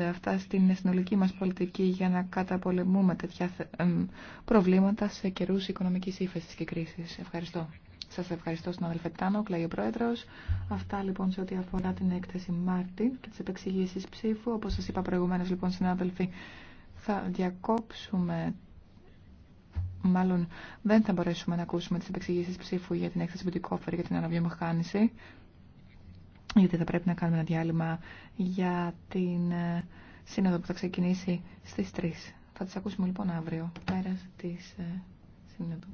έρχονται αυτά στην συνολική μας πολιτική για να καταπολεμούμε τέτοια ε, ε, προβλήματα σε καιρούς οικονομικής ύφεσης και κρίσης. Ευχαριστώ. Σας ευχαριστώ στον αδελφέ Τάνο, κλαίει ο Πρόεδρος. Αυτά λοιπόν σε ό,τι αφορά την έκθεση Μάρτιν και τις επεξηγήσεις ψήφου. Όπως σας είπα προηγουμένως λοιπόν συνάδελφοι, θα διακόψουμε Μάλλον δεν θα μπορέσουμε να ακούσουμε τις επεξηγήσεις ψήφου για την έκθεση Μπουτικόφερ για την αναβιομηχάνηση γιατί θα πρέπει να κάνουμε ένα διάλειμμα για την ε, σύνοδο που θα ξεκινήσει στις 3. Θα τις ακούσουμε λοιπόν αύριο, πέρας της ε, σύνοδου.